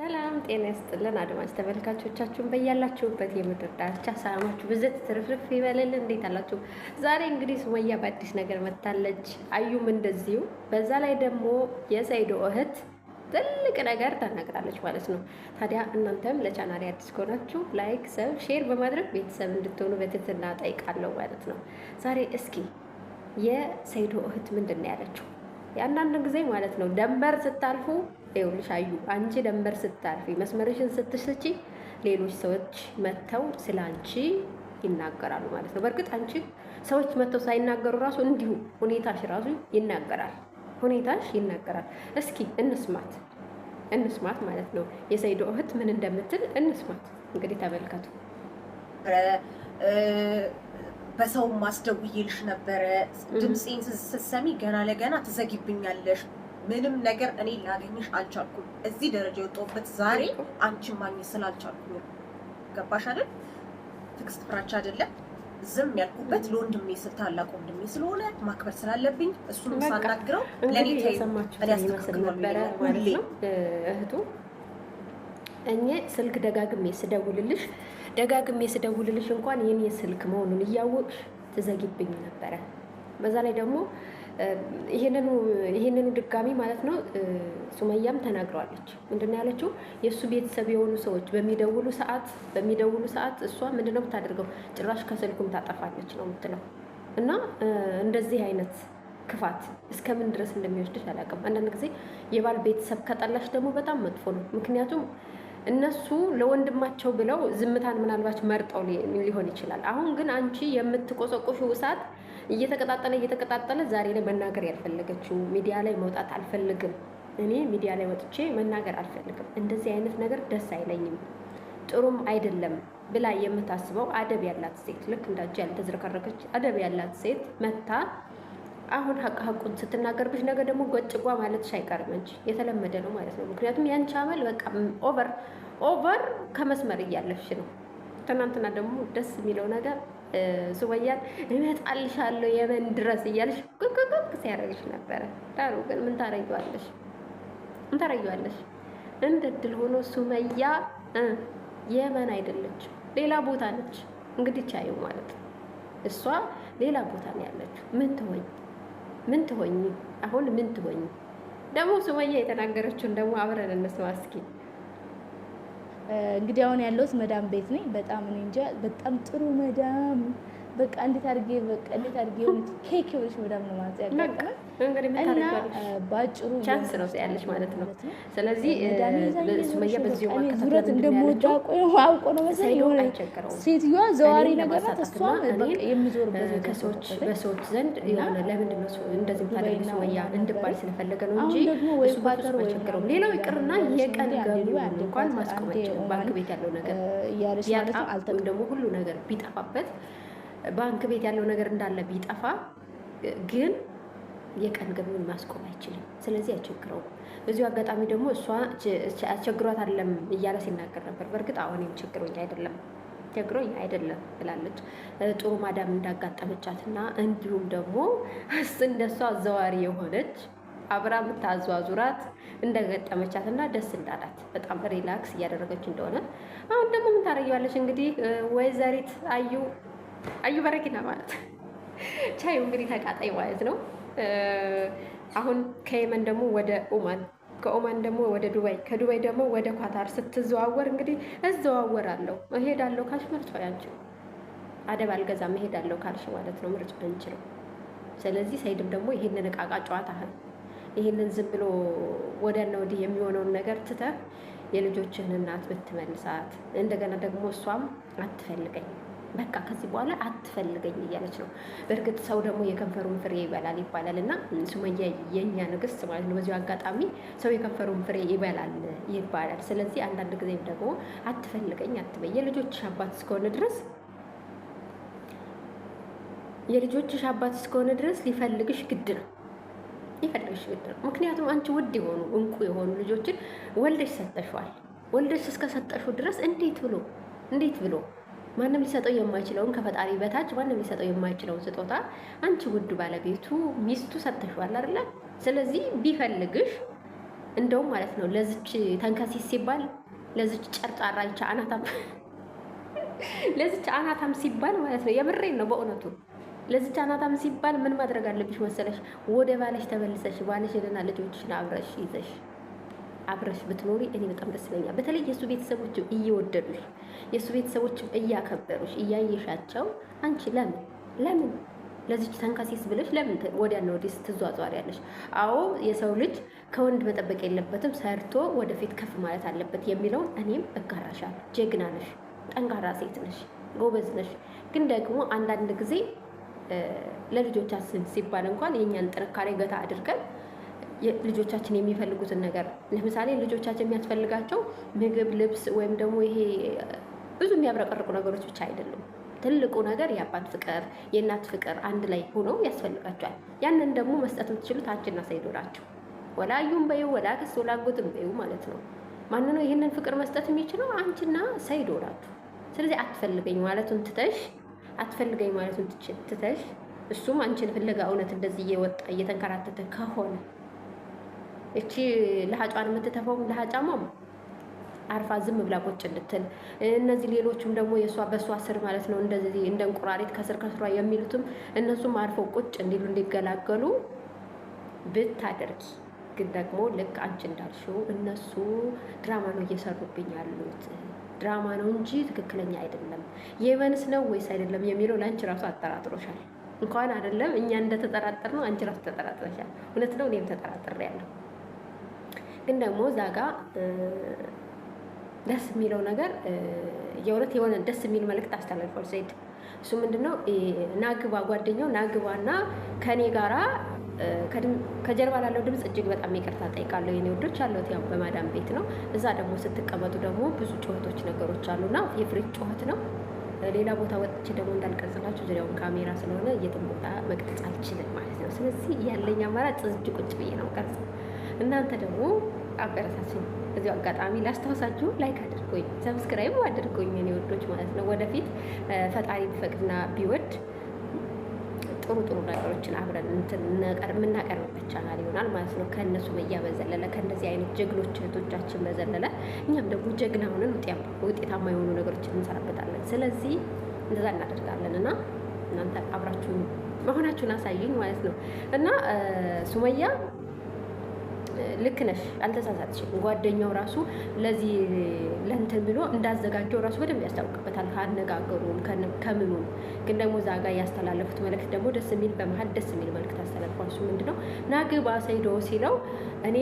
ሰላም ጤና ይስጥልን አድማጭ ተመልካቾቻችሁን በያላችሁበት የምድር ዳርቻ ሰላማችሁ ብዘት ትርፍርፍ ይበልል። እንዴት አላችሁ? ዛሬ እንግዲህ ሱመያ በአዲስ ነገር መታለች፣ አዩም እንደዚሁ። በዛ ላይ ደግሞ የሰይዶ እህት ትልቅ ነገር ተናግራለች ማለት ነው። ታዲያ እናንተም ለቻናሌ አዲስ ከሆናችሁ ላይክ፣ ሰብ፣ ሼር በማድረግ ቤተሰብ እንድትሆኑ በትህትና ጠይቃለሁ ማለት ነው። ዛሬ እስኪ የሰይዶ እህት ምንድን ነው ያለችው? የአንዳንድ ጊዜ ማለት ነው ደንበር ስታልፉ ይኸውልሽ አዩ አንቺ ደንበር ስታልፊ መስመርሽን ስትስቺ ሌሎች ሰዎች መጥተው ስለ አንቺ ይናገራሉ ማለት ነው። በእርግጥ አንቺ ሰዎች መጥተው ሳይናገሩ ራሱ እንዲሁ ሁኔታሽ ራሱ ይናገራል፣ ሁኔታሽ ይናገራል። እስኪ እንስማት፣ እንስማት ማለት ነው የሰይዶ እህት ምን እንደምትል እንስማት። እንግዲህ ተመልከቱ። በሰው ማስደውዬልሽ ነበረ ድምፄን ስትሰሚ ገና ለገና ትዘጊብኛለሽ ምንም ነገር እኔ ላገኝሽ አልቻልኩም። እዚህ ደረጃ የወጣሁበት ዛሬ አንቺን ማግኘት ስላልቻልኩ ነው። ገባሽ አይደል? ትዕግስት ፍራቻ አይደለም። ዝም ያልኩበት ለወንድሜ ስል ታላቅ ወንድሜ ስለሆነ ማክበር ስላለብኝ እሱን ሳናግረው ለእኔ ሁሌ እህቱ እኔ ስልክ ደጋግሜ ስደውልልሽ ደጋግሜ ስደውልልሽ እንኳን የኔ ስልክ መሆኑን እያወቅሽ ትዘጊብኝ ነበረ። በዛ ላይ ደግሞ ይሄንኑ ድጋሚ ማለት ነው ሱመያም ተናግረዋለች። ምንድነው ያለችው? የእሱ ቤተሰብ የሆኑ ሰዎች በሚደውሉ ሰዓት በሚደውሉ ሰዓት እሷ ምንድነው ነው የምታደርገው? ጭራሽ ከስልኩም ታጠፋለች ነው የምትለው። እና እንደዚህ አይነት ክፋት እስከምን ድረስ እንደሚወስድሽ አላውቅም። አንዳንድ ጊዜ የባል ቤተሰብ ከጠላሽ ደግሞ በጣም መጥፎ ነው። ምክንያቱም እነሱ ለወንድማቸው ብለው ዝምታን ምናልባት መርጠው ሊሆን ይችላል። አሁን ግን አንቺ የምትቆሰቁሽው እሳት እየተቀጣጠለ እየተቀጣጠለ ዛሬ ላይ መናገር ያልፈለገችው ሚዲያ ላይ መውጣት አልፈልግም፣ እኔ ሚዲያ ላይ ወጥቼ መናገር አልፈልግም፣ እንደዚህ አይነት ነገር ደስ አይለኝም፣ ጥሩም አይደለም ብላ የምታስበው አደብ ያላት ሴት ልክ እንዳጅ ያልተዝረከረከች አደብ ያላት ሴት መታ አሁን ሀቅ ሀቁን ስትናገርብሽ ነገር ደግሞ ጎጭጓ ማለትሽ አይቀርም እንጂ የተለመደ ነው ማለት ነው። ምክንያቱም ያንቺ አመል በቃ ኦቨር ኦቨር ከመስመር እያለፍሽ ነው። ትናንትና ደግሞ ደስ የሚለው ነገር ሱመያን እመጣልሻለሁ የመን ድረስ እያለሽ ቁቅቁቅ ሲያደርግሽ ነበረ። ዳሩ ግን ምን ታረጊዋለሽ? ምን ታረጊዋለሽ? እንደ እድል ሆኖ ሱመያ የመን አይደለችም፣ ሌላ ቦታ ነች። እንግዲህ ቻዩ ማለት ነው። እሷ ሌላ ቦታ ነው ያለችው። ምን ትሆኝ ምን ትሆኝ አሁን ምን ትሆኝ ደግሞ ሱመያ የተናገረችውን ደግሞ አብረን እንስማ እስኪ። እንግዲህ አሁን ያለሁት መዳም ቤት ነኝ። በጣም እኔ እንጃ በጣም ጥሩ መዳም በቃ እንዴት አድርጌ በቃ እንዴት አድርጌ የሆነች ኬክ የሆነች መዳም ነው ማለት ያጋጠመ እና በአጭሩ ቻንስ ነው ያለች ማለት ነው። ስለዚህ ሱመያ በዚህ ዙረት እንደምወዳ ቆይ አውቆ ነው መሰለኝ የሆነ ሴትዮዋ ዘዋሪ ነገር ናት። እሷ የሚዞርበት ከሰዎች በሰዎች ዘንድ የሆነ ለምንድን ነው እንደዚህ ምታደርግ ሱመያ እንድባል ስለፈለገ ነው እንጂ እሱ ባጭሩ አይቸግረውም። ሌላው ይቅርና የቀን ገቡ እንኳን ማስቆመቸው ባንክ ቤት ያለው ነገር ያጣ ወይም ደግሞ ሁሉ ነገር ቢጠፋበት ባንክ ቤት ያለው ነገር እንዳለ ቢጠፋ ግን የቀን ገቢውን ማስቆም አይችልም። ስለዚህ አይቸግረውም። በዚሁ አጋጣሚ ደግሞ እሷ አስቸግሯት አለም እያለ ሲናገር ነበር። በእርግጥ አሁን ችግሮኝ አይደለም ቸግሮኝ አይደለም ብላለች። ጥሩ ማዳም እንዳጋጠመቻት እና እንዲሁም ደግሞ እስ እንደሷ አዘዋሪ የሆነች አብራ ምታዟዙራት እንደገጠመቻት እና ደስ እንዳላት በጣም ሪላክስ እያደረገች እንደሆነ አሁን ደግሞ ምን ታደርጊዋለች እንግዲህ ወይዘሪት አዩ አዩ በረኪና ማለት ቻዩ እንግዲህ ተቃጣይ ማለት ነው። አሁን ከየመን ደግሞ ወደ ኦማን ከኦማን ደግሞ ወደ ዱባይ ከዱባይ ደግሞ ወደ ኳታር ስትዘዋወር እንግዲህ እዘዋወራለሁ እሄዳለሁ ካልሽ ምርጫ ያንቺ አደብ አልገዛም እሄዳለሁ ካልሽ ማለት ነው ምርጫ አንቺ ነው። ስለዚህ ሰይድም ደግሞ ይሄንን እቃቃ ጨዋታህን ይሄንን ዝም ብሎ ወዲያና ወዲህ የሚሆነውን ነገር ትተህ የልጆችህን እናት ብትመልሳት እንደገና ደግሞ እሷም አትፈልገኝ በቃ ከዚህ በኋላ አትፈልገኝ እያለች ነው። በእርግጥ ሰው ደግሞ የከንፈሩን ፍሬ ይበላል ይባላል እና ሱመያ የእኛ ንግስት ማለት ነው። በዚሁ አጋጣሚ ሰው የከንፈሩን ፍሬ ይበላል ይባላል። ስለዚህ አንዳንድ ጊዜም ደግሞ አትፈልገኝ አትበይ። የልጆች አባት እስከሆነ ድረስ የልጆችሽ አባት እስከሆነ ድረስ ሊፈልግሽ ግድ ነው ሊፈልግሽ ግድ ነው። ምክንያቱም አንቺ ውድ የሆኑ እንቁ የሆኑ ልጆችን ወልደሽ ሰጠሽዋል። ወልደሽ እስከሰጠሹ ድረስ እንዴት ብሎ እንዴት ብሎ ማንም ሊሰጠው የማይችለውን ከፈጣሪ በታች ማንም ሊሰጠው የማይችለውን ስጦታ አንቺ ውድ ባለቤቱ ሚስቱ ሰጥተሽዋል አይደለ? ስለዚህ ቢፈልግሽ እንደውም ማለት ነው ለዚች ተንከሲስ ሲባል ለዚች ጨርጫራ ይቻ አናታም ለዚች አናታም ሲባል ማለት ነው የምሬን ነው በእውነቱ ለዚች አናታም ሲባል ምን ማድረግ አለብሽ መሰለሽ? ወደ ባለሽ ተመልሰሽ ባለሽ ሄደና ልጆችሽን አብረሽ ይዘሽ አብረሽ ብትኖሪ እኔ በጣም ደስ ይለኛል። በተለይ የእሱ ቤተሰቦችም እየወደዱሽ፣ የእሱ ቤተሰቦችም እያከበሩሽ እያየሻቸው አንቺ ለምን ለምን ለዚች ተንካሴስ ብለሽ ለምን ወዲያና ወዲህ ስትዟዟሪ ያለሽ? አዎ የሰው ልጅ ከወንድ መጠበቅ የለበትም ሰርቶ ወደፊት ከፍ ማለት አለበት የሚለውን እኔም እጋራሻለሁ። ጀግና ነሽ፣ ጠንካራ ሴት ነሽ፣ ጎበዝ ነሽ። ግን ደግሞ አንዳንድ ጊዜ ለልጆቻችን ሲባል እንኳን የእኛን ጥንካሬ ገታ አድርገን ልጆቻችን የሚፈልጉትን ነገር ለምሳሌ ልጆቻችን የሚያስፈልጋቸው ምግብ፣ ልብስ ወይም ደግሞ ይሄ ብዙ የሚያብረቀርቁ ነገሮች ብቻ አይደሉም። ትልቁ ነገር የአባት ፍቅር፣ የእናት ፍቅር አንድ ላይ ሆኖ ያስፈልጋቸዋል። ያንን ደግሞ መስጠት የምትችሉት አንቺና ሰይዶ ናቸው። ወላዩም በዩ ክስ ወላጎትም በዩ ማለት ነው። ማን ነው ይህንን ፍቅር መስጠት የሚችለው? አንቺና ሰይዶ ናችሁ። ስለዚህ አትፈልገኝ ማለቱን ትተሽ አትፈልገኝ ማለቱን ትተሽ እሱም አንቺን ፍለጋ እውነት እንደዚህ እየወጣ እየተንከራተተ ከሆነ እቺ ለሀጯን የምትተፈውም ለሀጫሟም አርፋ ዝም ብላ ቁጭ እንድትል እነዚህ ሌሎችም ደግሞ የእሷ በእሷ ስር ማለት ነው እንደዚህ እንደ እንቁራሪት ከስር ከስሯ የሚሉትም እነሱም አርፈው ቁጭ እንዲሉ እንዲገላገሉ ብታደርጊ ግን ደግሞ ልክ አንቺ እንዳልሽው እነሱ ድራማ ነው እየሰሩብኝ ያሉት ድራማ ነው እንጂ ትክክለኛ አይደለም። የመንስ ነው ወይስ አይደለም የሚለው ለአንቺ ራሱ አጠራጥሮሻል። እንኳን አይደለም እኛ እንደተጠራጠር ነው አንቺ ራሱ ተጠራጥረሻል። እውነት ነው፣ እኔም ተጠራጥሬ ግን ደግሞ እዛ ጋ ደስ የሚለው ነገር የእውነት የሆነ ደስ የሚል መልእክት አስተላልፏል ዘይድ። እሱ ምንድነው ናግባ ጓደኛው ናግባ ናግባና ከኔ ጋራ ከጀርባ ላለው ድምፅ እጅግ በጣም ይቅርታ ጠይቃለሁ። የኔ ውዶች ያለሁት ያው በማዳም ቤት ነው። እዛ ደግሞ ስትቀመጡ ደግሞ ብዙ ጩኸቶች ነገሮች አሉና የፍሪጅ ጩኸት ነው። ሌላ ቦታ ወጥቼ ደግሞ እንዳልቀርጽላችሁ ዙሪያውን ካሜራ ስለሆነ የትም ቦታ መቅረጽ አልችልም ማለት ነው። ስለዚህ ያለኝ አማራጭ እዚህ ቁጭ ብዬ ነው ቀርጽ እናንተ ደግሞ አበረታችን። እዚሁ አጋጣሚ ላስታውሳችሁ ላይክ አድርጎኝ ሰብስክራይብ አድርጎኝ እኔ ወዶች ማለት ነው። ወደፊት ፈጣሪ ቢፈቅድና ቢወድ ጥሩ ጥሩ ነገሮችን አብረን የምናቀርብበት ቻናል ይሆናል ማለት ነው። ከእነሱ መያ በዘለለ ከእነዚህ አይነት ጀግኖች እህቶቻችን በዘለለ እኛም ደግሞ ጀግና ሆነን ውጤታማ የሆኑ ነገሮችን እንሰራበታለን። ስለዚህ እንደዛ እናደርጋለን እና እናንተ አብራችሁ መሆናችሁን አሳዩኝ ማለት ነው እና ሱመያ ልክ ነሽ፣ አልተሳሳትሽም። ጓደኛው ራሱ ለዚህ ለእንትን ብሎ እንዳዘጋጀው ራሱ በደንብ ያስታውቅበታል፣ ከአነጋገሩም ከምኑም። ግን ደግሞ እዛ ጋር ያስተላለፉት መልእክት ደግሞ ደስ የሚል በመሀል ደስ የሚል መልእክት አስተላልፏል። እሱ ምንድን ነው ናግባ ሰይዶ ሲለው እኔ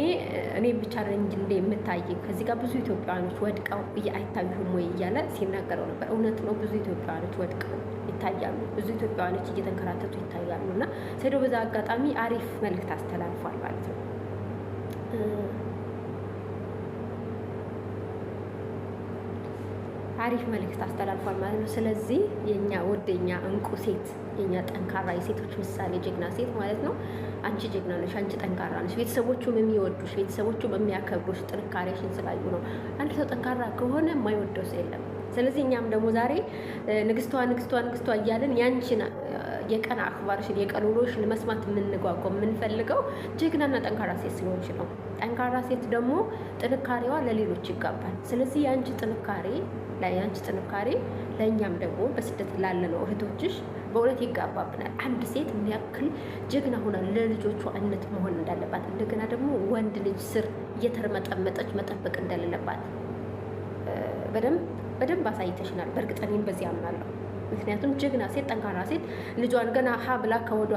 እኔ ብቻ ረንጅ እንደ የምታይ ከዚህ ጋር ብዙ ኢትዮጵያውያኖች ወድቀው አይታዩም ወይ እያለ ሲናገረው ነበር። እውነት ነው፣ ብዙ ኢትዮጵያውያኖች ወድቀው ይታያሉ፣ ብዙ ኢትዮጵያውያኖች እየተንከራተቱ ይታያሉ። እና ሰይዶ በዛ አጋጣሚ አሪፍ መልእክት አስተላልፏል ማለት ነው። አሪፍ መልእክት አስተላልፏል ማለት ነው። ስለዚህ የኛ ውድ የኛ እንቁ ሴት የኛ ጠንካራ የሴቶች ምሳሌ ጀግና ሴት ማለት ነው። አንቺ ጀግና ነሽ፣ አንቺ ጠንካራ ነሽ። ቤተሰቦቹም የሚወዱሽ ቤተሰቦቹም የሚያከብሩሽ ጥንካሬሽን ስላዩ ነው። አንድ ሰው ጠንካራ ከሆነ የማይወደው ሰው የለም። ስለዚህ እኛም ደግሞ ዛሬ ንግስቷ ንግስቷ ንግስቷ እያለን ያንቺን የቀን አክባርሽን የቀን ውሎሽን መስማት የምንጓጓው የምንፈልገው ጀግናና ጠንካራ ሴት ስለሆንሽ ነው። ጠንካራ ሴት ደግሞ ጥንካሬዋ ለሌሎች ይጋባል። ስለዚህ የአንቺ ጥንካሬ ለአንቺ ጥንካሬ ለእኛም ደግሞ በስደት ላለነው እህቶችሽ በእውነት ይጋባብናል። አንድ ሴት ምን ያክል ጀግና ሆና ለልጆቿ እናት መሆን እንዳለባት እንደገና ደግሞ ወንድ ልጅ ስር እየተርመጠመጠች መጠበቅ እንደሌለባት በደንብ በደንብ አሳይተሽናል። በእርግጠኔም እኔም በዚህ አምናለሁ። ምክንያቱም ጀግና ሴት፣ ጠንካራ ሴት ልጇን ገና ሀ ብላ ከወዷ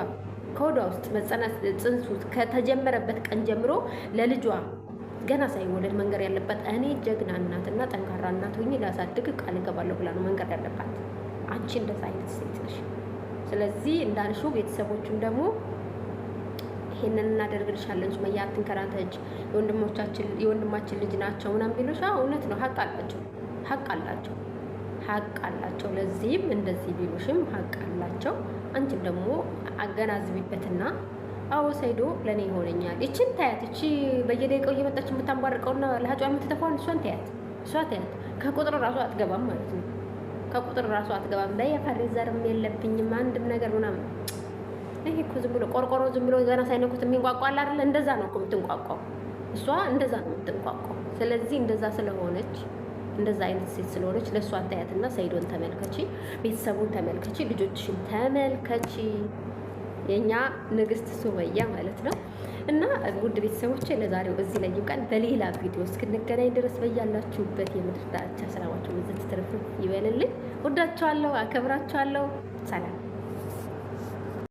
ከወዷ ውስጥ መጸናት ጽንሱ ከተጀመረበት ቀን ጀምሮ ለልጇ ገና ሳይወለድ መንገር ያለባት እኔ ጀግና እናትና ጠንካራ እናት ሆኜ ላሳድግ ቃል እገባለሁ ብላ ነው መንገር ያለባት። አንቺ እንደዛ አይነት ሴት ነሽ። ስለዚህ እንዳልሹ ቤተሰቦችም ደግሞ ይሄንን እናደርግልሻለን፣ ሱመያ አትንከራተች፣ የወንድሞቻችን የወንድማችን ልጅ ናቸው ምናምን ቢሉሻ፣ እውነት ነው፣ ሀቅ አላቸው፣ ሀቅ አላቸው። ሀቅ አላቸው። ለዚህም እንደዚህ ቢሉሽም ሀቅ አላቸው። አንቺም ደግሞ አገናዝቢበትና አዎ ሰይዶ ለእኔ ይሆነኛል። ይችን ታያት። እቺ በየደቂቃው እየመጣች የምታንቧርቀውና ለሀጫ የምትተፋውን እሷን ታያት። እሷ ታያት። ከቁጥር ራሱ አትገባም ማለት ነው። ከቁጥር ራሱ አትገባም። በየፈሪ ዘርም የለብኝም አንድም ነገር ምናምን። ይሄ እኮ ዝም ብሎ ቆርቆሮ ዝም ብሎ ገና ሳይነኩት የሚንቋቋል አይደለ? እንደዛ ነው እኮ የምትንቋቋው። እሷ እንደዛ ነው የምትንቋቋው። ስለዚህ እንደዛ ስለሆነች እንደዛ አይነት ሴት ስለሆነች ለእሷ አታያትና ሰይዶን ተመልከቺ፣ ቤተሰቡን ተመልከቺ፣ ልጆችሽን ተመልከቺ። የእኛ ንግስት ሱመያ ማለት ነው። እና ውድ ቤተሰቦች ለዛሬው እዚህ ላይ ይብቃን። በሌላ ቪዲዮ እስክንገናኝ ድረስ በያላችሁበት የምድር ዳርቻ ሰላማችሁ ብዝት ትርፍ ይበልልኝ። ወዳችኋለሁ፣ አከብራችኋለሁ። ሰላም